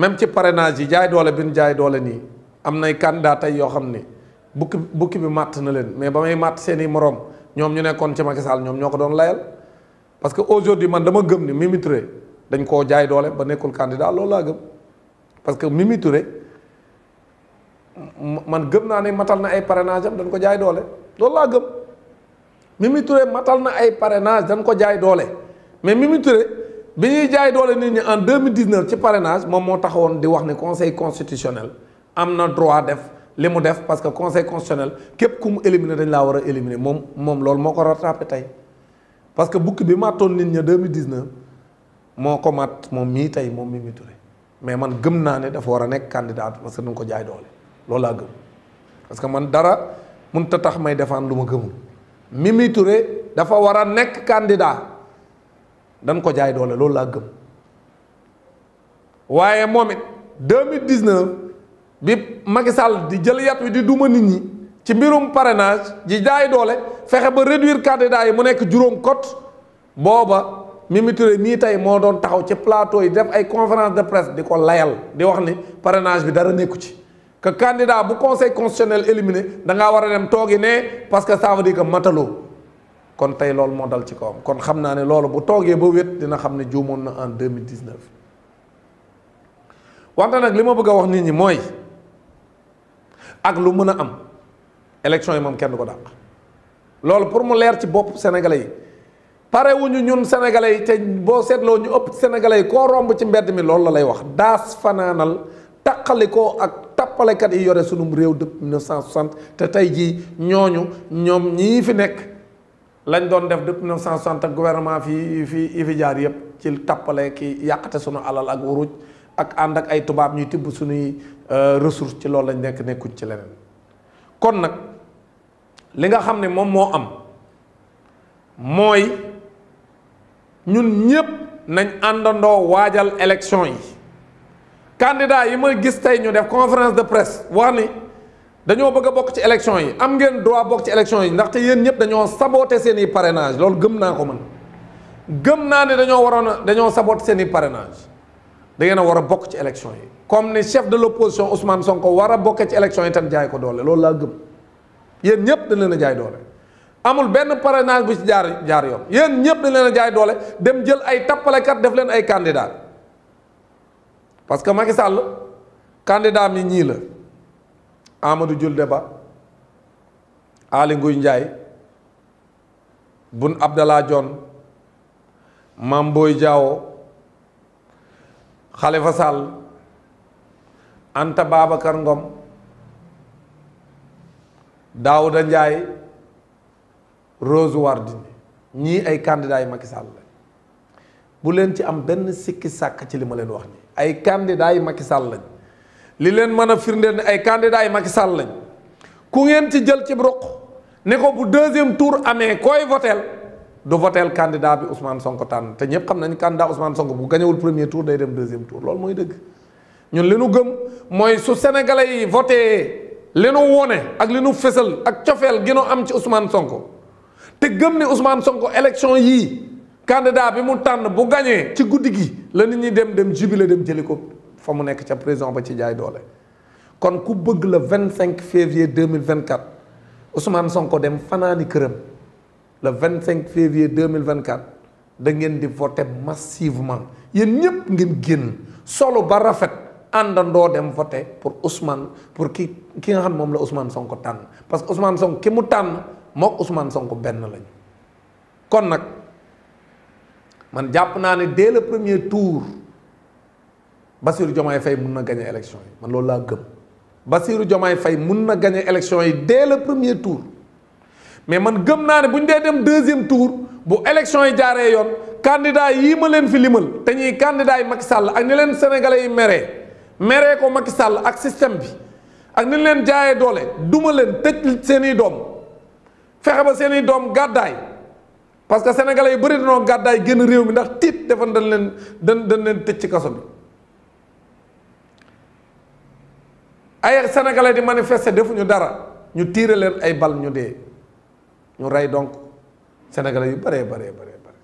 même ci parrainage yi jaay doole bi ñu jaay doole nii am nay candidat tey yoo xam ne bukki bukki bi màtt na leen mais ba may màtt seen i moroom ñoom ñu nekkoon ci Macky Sall ñoom ñoo ko doon layal parce que aujourd'hui man dama gëm ni Mimi dañ koo jaay doole ba nekkul candidat loolu laa gëm parce que Mimi man gëm naa ne matal na ay parrainage dañ ko jaay doole loolu laa gëm Mimi Touré matal na ay parrainage dañ ko jaay doole mais Mimi bi ñuy jaay doole nit ñi en 2019 ci parrainage moom moo taxawoon di wax ne conseil constitutionnel am na droit def li mu def parce que conseil constitutionnel képp ku mu éliminer dañ laa war a éliminer moom moom loolu moo ko rattrapé tey parce que bukki bi màttoon nit ñi 2019 moo ko màtt moom mii tey moom Mimi Touré mais man gëm naa ne dafa war a nekk candidat parce que dañ ko jaay doole loolu laa gëm parce que man dara mënut a tax may défendre lu ma gëmul Mimi Touré dafa war a nekk candidat. dañ ko jaay doole loolu laa gëm waaye moom it 2019 bi Macky Sall di jël yat wi di duma nit ñi ci mbirum parenage ji jaay doole fexe ba réduire candidat yi mu nekk juróom cote booba Mimi Touré mii tey moo doon taxaw ci plateau yi def ay conférence de presse di ko layal di wax ni parenage bi dara nekku ci que candidat bu conseil constitutionnel éliminé da ngaa war a dem toogi ne parce que ça veut dire mataloo kon tey loolu moo dal ci kawam kon xam naa ne loolu bu toogee ba wét dina xam ne juumoon na en 2019 wante nag li ma bëgg a wax nit ñi mooy ak lu mën a am élection yi moom kenn ko dàq loolu pour mu leer ci bopp sénégalais yi pare wuñu ñun sénégalais yi te boo seetloo ñu ëpp sénégalais yi koo romb ci mbedd mi loolu la lay wax daas fanaanal taqalikoo ak tappalekat yi yore sunum réew depuis 1960 te tey jii ñooñu ñoom ñii fi nekk lañ doon def depuis 1960 ak gouvernement fii fii fi jaar yëpp ci tappale ki yàqate suñu alal ak wuruj ak ànd ak ay tubaab ñuy tibb suñuy euh, ressource ci loolu lañ nekk nekkuñ ci leneen kon nag li nga xam ne moom moo am mooy ñun ñëpp nañ àndandoo waajal élection yi candidat yi ma gis tey ñu def conférence de presse wax ni dañoo bëgg a bokk ci élection yi am ngeen droit bokk ci élection yi ndaxte yéen ñëpp dañoo saboté seen i parrainage loolu gëm naa ko man gëm naa ne dañoo waroon a dañoo saboté seen i parrainage da ngeen a war a bokk ci élection yi comme ni chef de l' opposition Ousmane Sonko war a bokkee ci élection yi tam jaay ko doole loolu laa gëm yéen ñëpp dañ leen a jaay doole amul benn parrainage bu ci jaar jaar yoon yéen ñëpp dañ leen a jaay doole dem jël ay tappalekat def leen ay candidat parce que Macky Sall candidat mi ñii la Amadou Julde Ba Aly njaay Ndiaye Boun Abdallah Dionne Mame Boye Diao Khalifa Sall Anta Babacar Ngom Daouda Ndiaye Rose Wardini ñii ay candidats yi Macky bu leen ci am benn sikki sàkk ci li ma wax nii ay candidats yi Macky lañ li leen mën a firndeel ne ay candidats yi Macky Sall lañ ku ngeen ci jël ci ruq ne ko bu deuxième tour amee koy voteel du voteel candidat bi Ousmane Sonko tànn te ñëpp xam nañ candidat Ousmane Sonko bu gañewul premier tour day dem deuxième tour loolu mooy dëgg ñun li nu gëm mooy su sénégalais yi voté li nu wone ak li nu fësal ak cofeel gi nu am ci Ousmane Sonko te gëm ne Ousmane Sonko élection yii candidat bi mu tànn bu gañee ci guddi gi la nit ñi dem dem jubile dem jëli ko fa mu nekk ca prison ba ci jaay doole kon ku bëgg la vingt cinq février deux mille vingt quatre Ousmane Sonko dem fanaani këram le vingt cinq février deux mille vingt quatre da ngeen di voter massivement yéen ñëpp ngeen génn solo ba rafet ànd àndandoo dem voter pour Ousmane pour ki ki nga xam moom la Ousmane Sonko tànn parce que Ousmane Sonko ki mu tànn mook Ousmane Sonko benn lañu kon nag man jàpp naa ne dès le premier tour. Bassirou Diomaye fay mun na gagné élection yi man loolu laa gëm Bassirou Diomaye fay mun na gañe élection yi dès la premier tour mais man gëm naa ne bu ñu dee dem deuxième tour bu élection yi jaaree yoon candidat yii ma leen fi limal te ñuy candidat yi Macky Sall ak ni leen sénégalais yi meree meree ko Macky sàll ak système bi ak ni leen jaayee doole duma leen tëj seeni doom fexe ba seeni doom gàddaay parce que sénégalais yi bari dañoo gàddaay génn réew mi ndax tiit defan dañ leen dañ dañ leen tëj ci kaso ay sénégalais di manifester defuñu dara ñu tiire leen ay bal ñu dee ñu rey donc sénégalais yi bëree bëree bëree bëri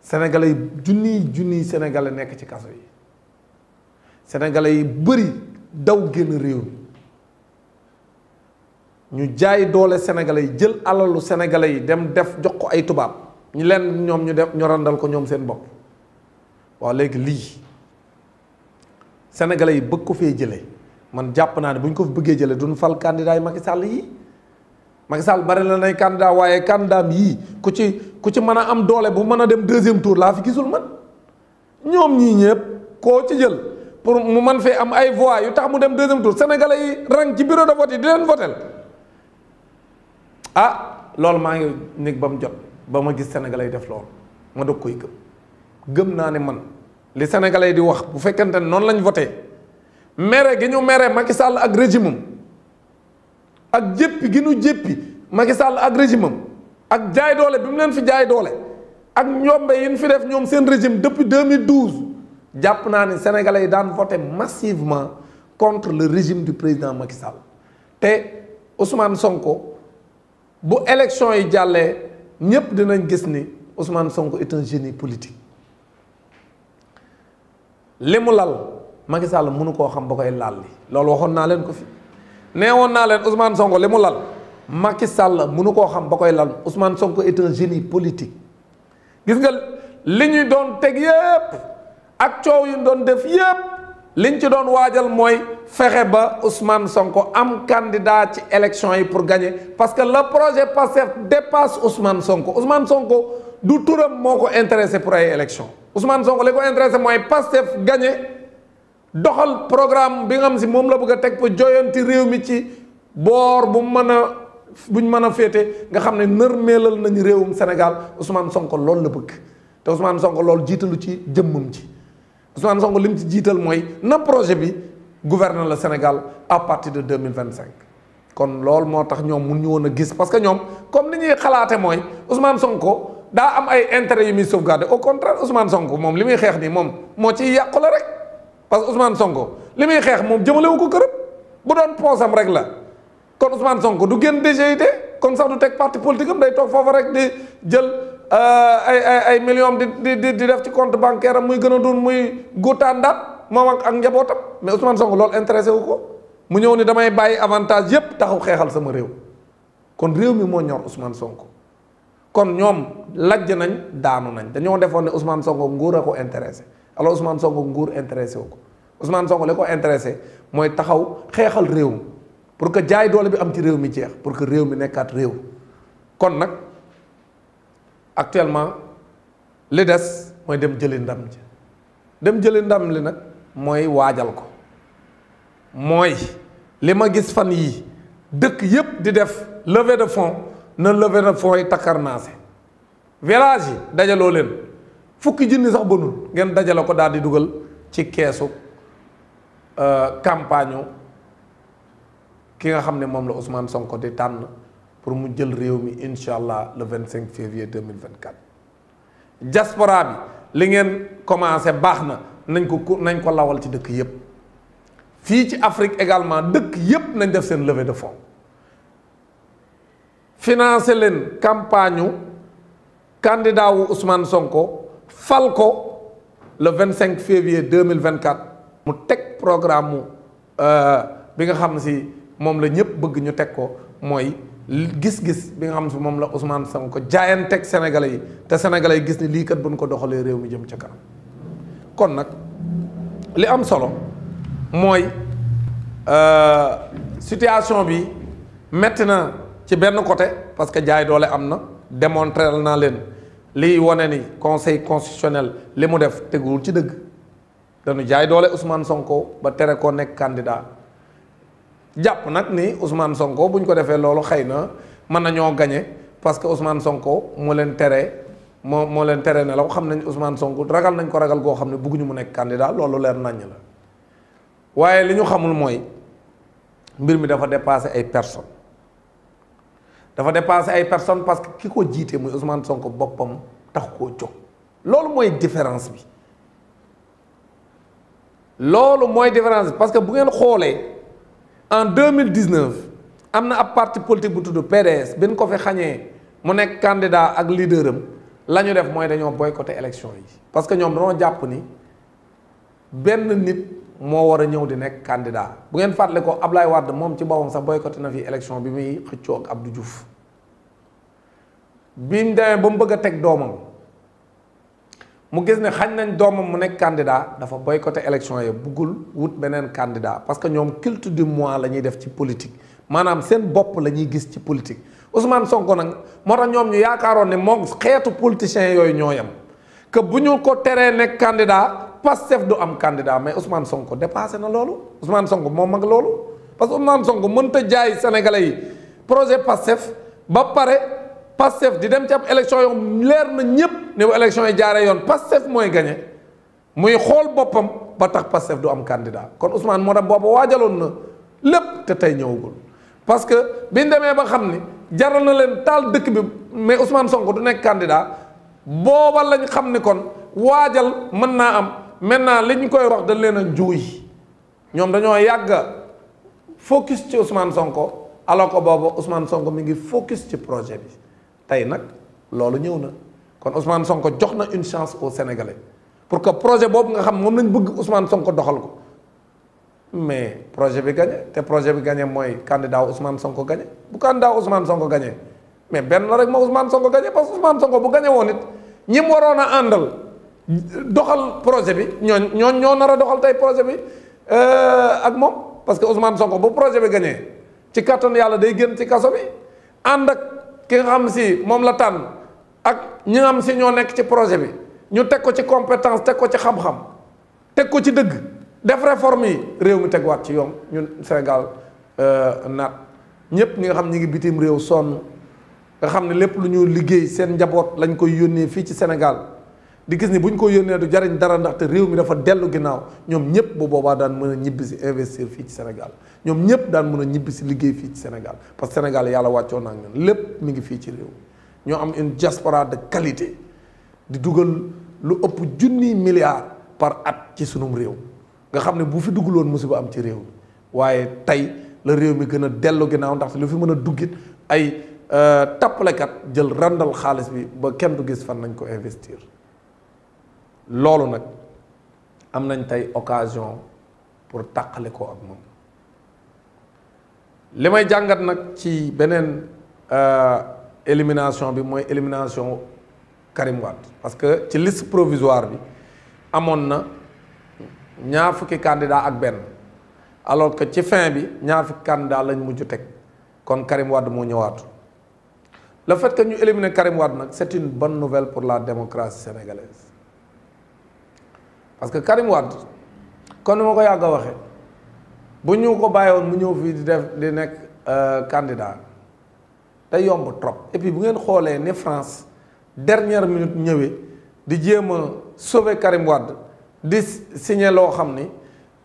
sénégalais yi junniy junniy sénégalais nekk ci kaso yi sénégalais yi bari daw génn réew mi ñu jaay doole sénégalais yi jël alalu sénégalais yi dem def jox ko ay tubaab ñu leen ñoom ñu def ñu randal ko ñoom seen bopp waaw léegi lii sénégalais yi bëgg ko fee jëlee. man jàpp naa ne bu ñu ko fi bëggee jëlee duñ fal candidat yi Macky Sall yi Macky Sall bari la nay candidat waaye candidaam yii ku ci ku ci mën a am doole bu mën a dem deuxième tour laa fi gisul man ñoom ñii ñëpp koo ci jël pour mu man fee am ay voix yu tax mu dem deuxième tour sénégalais yi rang ci bureau de vote yi di leen votel ah loolu maa ngi néeg ba mu jot ba ma gis sénégalais yi def loolu ma dog koy gëm gëm naa ne man li sénégalais yi di wax bu fekkente ne noonu lañ voté mere gi ñu mere Macky Sall ak régime ak jéppi gi ñu jéppi Macky Sall ak régime ak jaay doole bi mu leen fi jaay doole ak ñombe yi ñu fi def ñoom seen régime depuis 2012 jàpp naa ne sénégalais yi daan voté massivement contre le régime du président Macky Sall te Ousmane Sonko bu élection yi jàllee ñépp dinañ gis ni Ousmane Sonko est un génie politique li mu lal. Macky Sall mënu koo xam ba koy laal li loolu waxoon naa leen ko fi nee woon naa leen Ousmane Sonko li mu lal Macky Sall mënu koo xam ba koy lal Ousmane Sonko est un politique gis nga li ñuy doon teg yépp ak coow yu doon def yépp liñ ci doon waajal mooy fexe ba Ousmane Sonko am candidat ci élection yi pour gagner parce que la projet Pastef dépasse Ousmane Sonko Ousmane Sonko du turam moo ko intéressé pour ay élection Ousmane Sonko li ko intéressé moo Pastef gagner doxal programme bi nga xam si moom la bëgg a teg pour joyanti réew mi ci boor bu mën a buñ mën a féete nga xam ne nërmeelal nañu réewum Sénégal Ousmane Sonko loolu la bëgg te Ousmane Sonko loolu jiitalu ci jëmmam ci Ousmane Sonko li mu ci jiital mooy na projet bi gouverner la Sénégal à partir de deux mille vingt cinq kon loolu moo tax ñoom mun ñu woon a gis parce que ñoom comme ni ñuy xalaate mooy Ousmane Sonko daa am ay intérêt yu muy sauvegarder au contraire Ousmane Sonko moom li muy xeex nii moom moo ciy yàqu parce que Ousmane Sonko li muy xeex moom jëmalewu ko këram bu doon poosam rek la kon Ousmane Sonko du génn DGID kon sax du teg parti politique am day toog foofu rek di jël euh, ay ay ay millions di di di def ci compte bancaire am muy gën a doon muy góotaandaat moom ak ak njabootam mais Ousmane Sonko loolu intéressé wu ko mu ñëw ni damay bàyyi avantage yépp taxaw xeexal sama réew kon réew mi moo ñor Ousmane Sonko kon ñoom lajj nañ daanu nañ dañoo defoon ne Ousmane Sonko nguur a ko intéressé. alors Ousmane Sonko nguur intéressé wu ko Ousmane Sonko li ko intéressé mooy taxaw xeexal réew mi pour que jaay doole bi am ci réew mi jeex pour que réew mi nekkaat réew kon nag actuellement li des mooy dem jëli ndam ji dem jëli ndam li nag mooy waajal ko mooy li ma gis fan yi dëkk yépp di def lever de fonds na levée de fonds yi takkarnaase village yi dajaloo leen fukki junni sax bonul ngeen dajale ko daal di dugal ci keesu euh, campagne ki nga xam ne moom la Ousmane Sonko di tànn pour mu jël réew mi incha allah le vingt cinq février deux mille vingt quatre diaspora bi li ngeen commencé baax na nañ ko nañ ko lawal ci dëkk yépp fii ci Afrique également dëkk yépp nañ def seen levée de fonds financé leen campagne candidat wu Ousmane Sonko. fal ko le vingt cinq février deux mille vingt quatre mu teg programme mu euh, bi nga xam si moom la ñëpp bëgg ñu teg ko mooy gis-gis bi nga xam si moom la sama ko jaayante teg Sénégalais yi te Sénégalais yi gis ni lii kat buñ ko doxalee réew mi jëm ca kanam kon nag li am solo mooy euh, situation bi metti na ci benn côté parce que jaay doole am na démontrer naa leen. lii wane ni conseil constitutionnel li mu def teguwul ci dëgg danu jaay doole Ousmane Sonko ba tere koo nekk candidat jàpp nag ni Ousmane Sonko bu ñu ko defee loolu xëy na mën nañoo gañe parce que Ousmane Sonko moo leen tere moo moo leen tere ne la xam nañ Ousmane Sonko ragal nañ ko ragal goo xam ne bëgguñu mu nekk candidat loolu leer naññ la waaye li ñu xamul mooy mbir mi dafa dépassé ay personnes. dafa dépassé ay personnes parce que ki ko jiite muy Ousmane Sonko boppam tax koo jóg loolu mooy différence bi loolu mooy différence bi parce que bu ngeen xoolee en deux mille dix-neuf am na ab parti politique bu tudd PDS bi ñu ko fi xañee mu nekk candidat ak leader am la ñu def mooy dañoo boycotté élection yi parce que ñoom dañoo jàpp ni benn nit. moo war a ñëw di nekk candidat bu ngeen fàttali ko Ablaye Wade moom ci boppam sax boycotté na fi élection bi muy xëccoo ak du juf bi mu demee ba mu bëgg a teg doomam mu gis ne xañ nañ doomam mu nekk candidat dafa boycotté élection yi bëggul wut beneen candidat parce que ñoom culte du moi la ñuy def ci politique maanaam seen bopp la ñuy gis ci politique Ousmane Sonko nag moo tax ñoom ñu yaakaaroon ne moom xeetu politiciens yooyu ñoo yem bu ñu ko teree nekk candidat. Pastef du am candidat mais Ousmane Sonko dépassé na loolu Ousmane Sonko moo mag loolu parce que Ousmane Sonko mënta jaay sénégalais yi projet Pastef ba pare Pastef di dem ci ab élection yoo leer na ñëpp ne bu élection yi jaaree yoon Pastef mooy gagné muy xool boppam ba tax Pastef du am candidat kon Ousmane moo tax boobu waajaloon na lépp te tey ñëwagul parce que biñ ba xam ni jaral na leen taal dëkk bi mais Ousmane Sonko du nekk candidat booba lañ xam ni kon waajal maintenant li ñu koy rox dañ leen a juuy ñoom dañoo yàgg focus ci Ousmane Sonko alors que boobu Ousmane Sonko mi ngi focus ci projet bi tey nag loolu ñëw na kon Ousmane Sonko jox na une chance aux Sénégalais pour que projet boobu nga xam moom lañ bëgg usman Sonko doxal ko mais projet bi gagné te projet bi gagné mooy candidat Ousmane Sonko gagné bu candidat Ousmane Sonko gagné mais benn la rek ma Ousmane Sonko gagné parce que Ousmane Sonko bu gagné woon it ñi waroon a àndal. doxal projet bi ñooñ ñooñ ñoo nar a doxal tey projet bi euh, ak moom parce que Ousmane Sonko bu projet bi gañee ci katton yàlla day génn ci kaso bi ànd ak ki nga xam si moom la tànn ak ñi am si ñoo nekk ci projet bi ñu teg ko ci compétence teg ko ci xam-xam teg ko ci dëgg def réforme yi réew mi tegwaat ci yoon ñun Sénégal euh, naat ñëpp ñi nga xam ñi ngi bitim réew sonn nga xam ne lépp lu ñu liggéey seen njaboot lañ koy yónnee fii ci Sénégal di gis ni bu ñu ko yónnee du jariñ dara ndaxte réew mi dafa dellu ginnaaw ñoom ñëpp bu boobaa daan mën a ñibbisi investir fii ci Sénégal ñoom ñëpp daan mën a ñibbi si liggéey fii ci Sénégal parce que Sénégal yàlla wàccoon na ak lépp mu ngi fii ci réew ñoo am une diaspora de qualité di dugal lu ëpp junni milliards par at ci sunum réew nga xam ne bu fi dugg duggaloon musiba am ci réew mi waaye tey la réew mi gën a dellu ginnaaw ndaxte lu fi mën a duggit ay euh, tappalekat jël randal xaalis bi ba kenn du gis fan nañ ko investir loolu nag am nañ tey occasion pour tàqale ko ak moom li may jàngat nag ci beneen euh, élimination bi mooy élimination Karim Wade parce que ci list provisoire bi amoon na ñaar fukki candidat ak benn alors que ci fin bi ñaar fukki candidat lañ mujj teg kon Karim mu moo ñëwaatu le fait que ñu éliminer Karim Wade nag c'est une bonne nouvelle pour la démocratie sénégalaise parce que Karim Wade kon nu ma ko yàgg a waxee bu ñu ko bàyyi woon mu ñëw fii di def di nekk euh, candidat te yomb trop et bu ngeen xoolee ni France dernière minute ñëwee di jéem a sauver Karim Wade di signé loo xam ni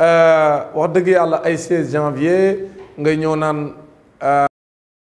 euh, wax dëgg yàlla ay 16 janvier ngay ñëw naan. Euh,